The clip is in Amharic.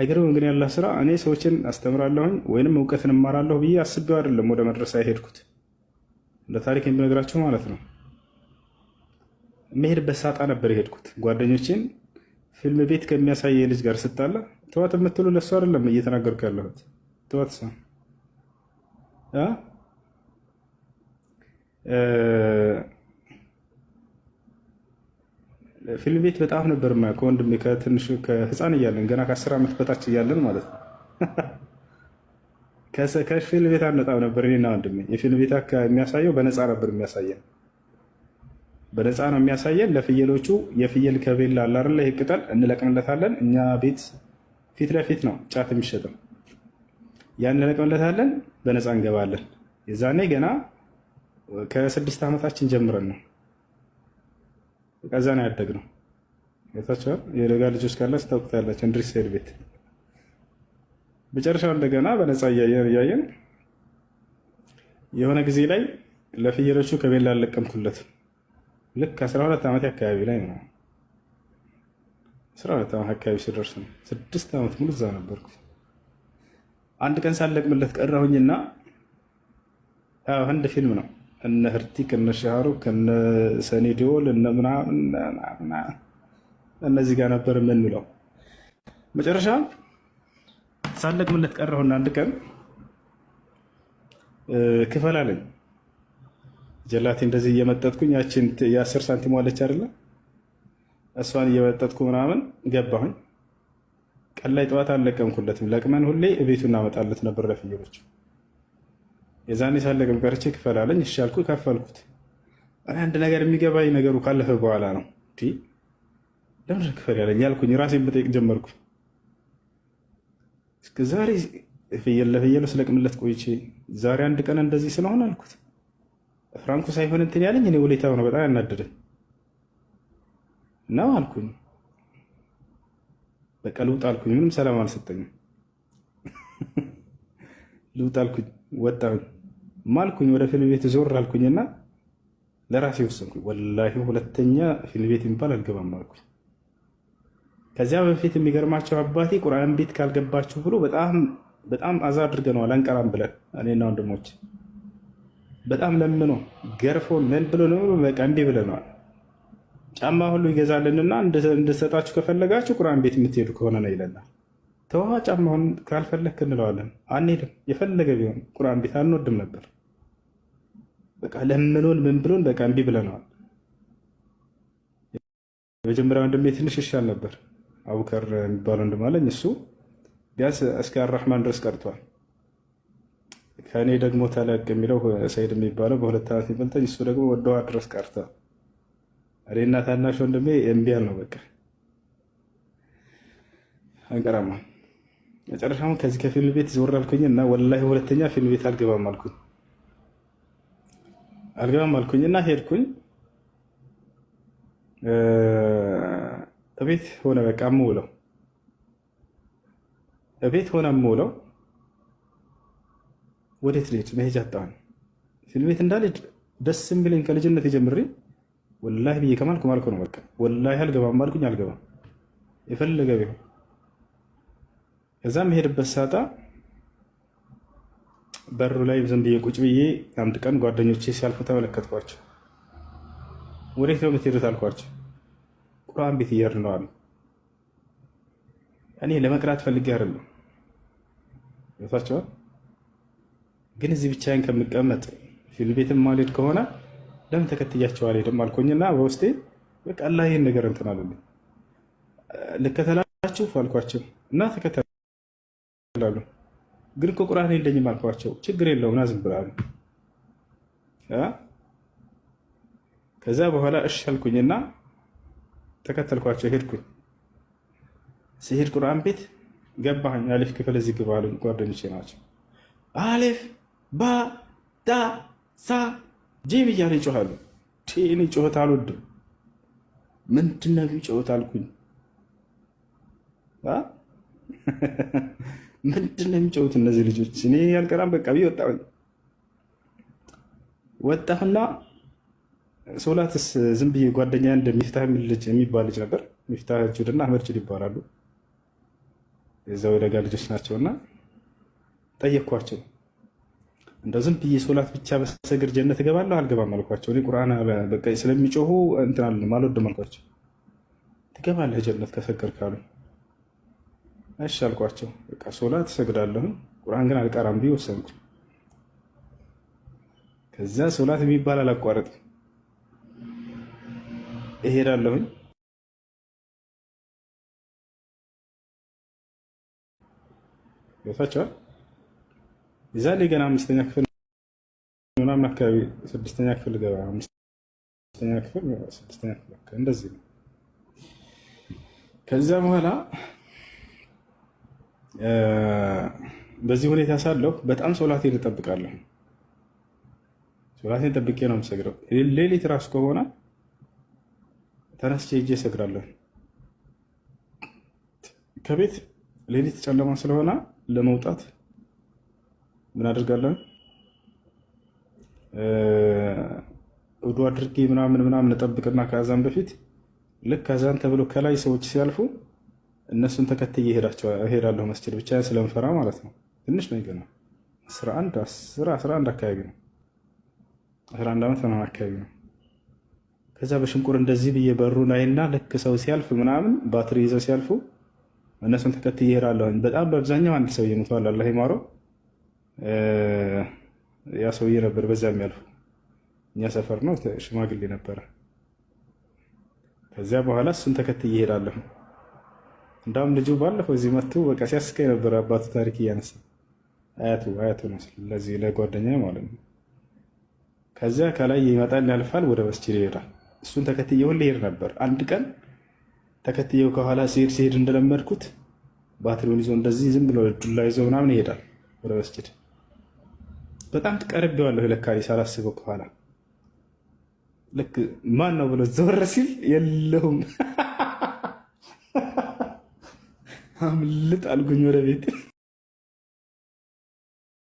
አይገርም ግን ያላህ ስራ። እኔ ሰዎችን አስተምራለሁኝ ወይንም እውቀትን እማራለሁ ብዬ አስቤው አይደለም ወደ መድረሳ የሄድኩት፣ ለታሪክ የምነግራችሁ ማለት ነው። መሄድበት ሳጣ ነበር የሄድኩት። ጓደኞችን ፊልም ቤት ከሚያሳየ ልጅ ጋር ስታለ ተዋት የምትሉ ለሱ አይደለም እየተናገርኩ ያለሁት። ተዋት እሷ ፊልም ቤት በጣም ነበር ማ ከወንድሜ ከትንሹ ከህፃን እያለን ገና ከአስር ዓመት በታች እያለን ማለት ነው። ከፊልም ቤት አንወጣም ነበር እኔና ወንድሜ። የፊልም ቤት የሚያሳየው በነፃ ነበር የሚያሳየን፣ በነፃ ነው የሚያሳየን። ለፍየሎቹ የፍየል ከቤላ አላርላ ይህ ቅጠል እንለቅምለታለን። እኛ ቤት ፊት ለፊት ነው ጫት የሚሸጥም፣ ያን እንለቅምለታለን፣ በነፃ እንገባለን። የዛኔ ገና ከስድስት ዓመታችን ጀምረን ነው ከዛ ነው ያደግነው። ጌታቸውን የደጋ ልጆች ካላችሁ ታውቁታላችሁ። እንድሪስ ሄድ ቤት መጨረሻው እንደገና በነፃ እያየን እያየን የሆነ ጊዜ ላይ ለፍየሎቹ ከቤላ አለቀምኩለት። ልክ 12 ዓመት አካባቢ ላይ ነው 12 ዓመት አካባቢ ስደርስ ነው። ስድስት ዓመት ሙሉ እዛ ነበርኩ። አንድ ቀን ሳለቅምለት ቀራሁኝና አንድ ፊልም ነው እነ ህርቲክ እነ ሻሩክ እነ ሰኒ ዲዮል እነ ምናምን እነዚህ ጋር ነበር የምንለው። መጨረሻ ሳለቅምለት ቀረሁና አንድ ቀን ክፈል አለኝ። ጀላቴ እንደዚህ እየመጠጥኩኝ ያችን የአስር ሳንቲም ዋለች አይደለ? እሷን እየመጠጥኩ ምናምን ገባሁኝ። ቀን ላይ ጠዋት አልለቀምኩለትም። ለቅመን ሁሌ ቤቱ እናመጣለት ነበር ለፍየሎች የዛኔ ሳለቅም ቀርቼ ክፈል ይሻልኩ እሺ ከፈልኩት። አንድ ነገር የሚገባኝ ነገሩ ካለፈ በኋላ ነው። ለምድ ክፈል ያለኝ ያልኩኝ ራሴን መጠየቅ ጀመርኩኝ። ዛሬ ፍየል ለፍየሉ ስለቅምለት ቆይቼ ዛሬ አንድ ቀን እንደዚህ ስለሆነ አልኩት። ፍራንኩ ሳይሆን እንትን ያለኝ እኔ ውለታው ነው በጣም ያናደደኝ ነው አልኩኝ። በቃ ልውጥ አልኩኝ። ምንም ሰላም አልሰጠኝም። ልውጥ አልኩኝ። ወጣሁኝ። ማልኩኝ። ወደ ፊልም ቤት ዞር አልኩኝና ለራሴ ወሰንኩኝ። ወላሂ ሁለተኛ ፊልም ቤት የሚባል አልገባም አልኩኝ። ከዚያ በፊት የሚገርማቸው አባቴ ቁርአን ቤት ካልገባችሁ ብሎ በጣም በጣም አዛ አድርገነዋል። አንቀራም ብለን እኔና ወንድሞች በጣም ለምኖ ገርፎ ምን ብሎ ነው በቃ እምቢ ብለነዋል። ጫማ ሁሉ ይገዛልንና እንደሰጣችሁ ከፈለጋችሁ ቁርአን ቤት የምትሄዱ ከሆነ ነው ይለናል። ተዋ ጫማውን ካልፈለክ እንለዋለን፣ አንሄድም። የፈለገ ቢሆን ቁርአን ቤት አንወድም ነበር። በቃ ለምኖን ምን ብሎን በቃ እምቢ ብለነዋል። የመጀመሪያ ወንድሜ ትንሽ ይሻል ነበር፣ አቡከር የሚባል ወንድም አለኝ። እሱ ቢያንስ እስከ አራህማን ድረስ ቀርቷል። ከእኔ ደግሞ ተለቅ የሚለው ሰይድ የሚባለው በሁለት ዓመት የሚበልጠኝ እሱ ደግሞ ወደዋ ድረስ ቀርቷል። እኔና ታናሽ ወንድሜ እምቢ ነው በቃ አንቀራማ መጨረሻውን ከዚህ ከፊልም ቤት ዞር አልኩኝ እና ወላሂ ሁለተኛ ፊልም ቤት አልገባም አልኩኝ አልገባም አልኩኝ እና ሄድኩኝ እቤት ሆነ በቃ የምውለው እቤት ሆነ የምውለው ወዴት ልሄድ መሄጃ አጣሁኝ ፊልም ቤት እንዳልሄድ ደስ የሚለኝ ከልጅነት ጀምሬ ወላሂ ብዬ ከማልኩ ማልኩ ነው በቃ ወላሂ አልገባም አልኩኝ አልገባም የፈለገ ቢሆን እዛ መሄድበት ሳጣ በሩ ላይ ዝም ብዬ ቁጭ ብዬ አንድ ቀን ጓደኞቼ ሲያልፉ ተመለከትኳቸው። ወዴት ነው የምትሄዱት አልኳቸው። ቁርአን ቤት እየሄድን ነው አሉ። እኔ ለመቅራት ፈልጌ አይደለም ይወታቸዋል። ግን እዚህ ብቻዬን ከምቀመጥ ፊልም ቤትም ማልሄድ ከሆነ ለምን ተከትያቸው አልሄድም አልኩኝና በውስጤ በቃ አላህ ይህን ነገር እንትን አለልኝ። ልከተላችሁ አልኳቸው እና ተከተ ይላሉ። ግን እኮ ቁርአን የለኝም አልኳቸው። ችግር የለውም ና ዝም ብላሉ። ከዛ በኋላ እሺ አልኩኝና ተከተልኳቸው ሄድኩኝ። ሲሄድ ቁርአን ቤት ገባኝ። አሊፍ ክፍል እዚህ ግባ አሉኝ። ጓደኞቼ ናቸው። አሊፍ ባ ዳ ሳ ጂም እያለ ይጮኋሉ። ኔ ጮኸት አልወድም። ምንድነው ጮኸት አልኩኝ። ምንድን ነው የሚጫወት እነዚህ ልጆች? እኔ ያልቀራም በቃ ብዬ ወጣሁኝ። ወጣሁና ሶላትስ ዝም ብዬ ጓደኛ እንደ ሚፍታህ ልጅ የሚባል ልጅ ነበር። ሚፍታህ ጁድና አህመድ ጁድ ይባላሉ። የዛው የደጋ ልጆች ናቸውና ጠየቅኳቸው። እንደ ዝም ብዬ ሶላት ብቻ በሰግር ጀነት እገባለሁ አልገባም አልኳቸው። እኔ ቁርአን በቃ ስለሚጮሁ እንትን አልልም አልወድም አልኳቸው። ትገባለህ ጀነት ከሰገር ካሉ እሺ አልኳቸው። በቃ ሶላት እሰግዳለሁ፣ ቁርአን ግን አልቀራም ብዬ ወሰንኩ። ከዛ ሶላት የሚባል አላቋረጥም እሄዳለሁኝ። ይወታቸዋል የዛኔ ገና አምስተኛ ክፍል ምናምን አካባቢ ስድስተኛ ክፍል ገባ አምስተኛ ክፍል ስድስተኛ ክፍል እንደዚህ ነው። ከዛ በኋላ በዚህ ሁኔታ ሳለሁ በጣም ሶላቴን እጠብቃለሁ። ሶላቴን ጠብቄ ነው የምሰግደው። ሌሊት ራሱ ከሆነ ተነስቼ እጄ እሰግዳለሁ። ከቤት ሌሊት ጨለማ ስለሆነ ለመውጣት ምን አድርጋለሁ? ውዱ አድርጌ ምናምን ምናምን እጠብቅና ከአዛን በፊት ልክ አዛን ተብሎ ከላይ ሰዎች ሲያልፉ እነሱን ተከትዬ እሄዳለሁ መስጂድ ብቻ ስለምፈራ ማለት ነው። ትንሽ ነው ይገና አስራ አንድ አካባቢ ነው አስራ ዓመት ምናምን አካባቢ ነው። ከዛ በሽንቁር እንደዚህ ብዬ በሩ ላይና ልክ ሰው ሲያልፍ ምናምን ባትሪ ይዘው ሲያልፉ እነሱን ተከትዬ እሄዳለሁኝ። በጣም በአብዛኛው አንድ ሰውዬ ሞቷል፣ አላህ ይማረው። ያ ሰውዬ ነበር በዛ የሚያልፉ እኛ ሰፈር ነው፣ ሽማግሌ ነበረ። ከዚያ በኋላ እሱን ተከትዬ እሄዳለሁ። እንዳውም ልጁ ባለፈው እዚህ መጥቶ በቃ ሲያስቀኝ ነበር። አባቱ ታሪክ እያነሳ አያቱ አያቱ ነው ስለዚህ ለጓደኛ ማለት ነው። ከዚያ ከላይ ይመጣል ያልፋል፣ ወደ መስጂድ ይሄዳል። እሱን ተከትየው ሁሌ ይሄድ ነበር። አንድ ቀን ተከትየው ከኋላ ሲሄድ ሲሄድ እንደለመድኩት ባትሪውን ይዞ እንደዚህ ዝም ብሎ ዱላ ይዞ ምናምን ይሄዳል ወደ መስጂድ። በጣም ትቀርቤዋለሁ ለካ ሳላስበው ከኋላ ልክ ማን ነው ብሎ ዞር ሲል የለሁም አምልጥ አልጎኝ ወደ ቤት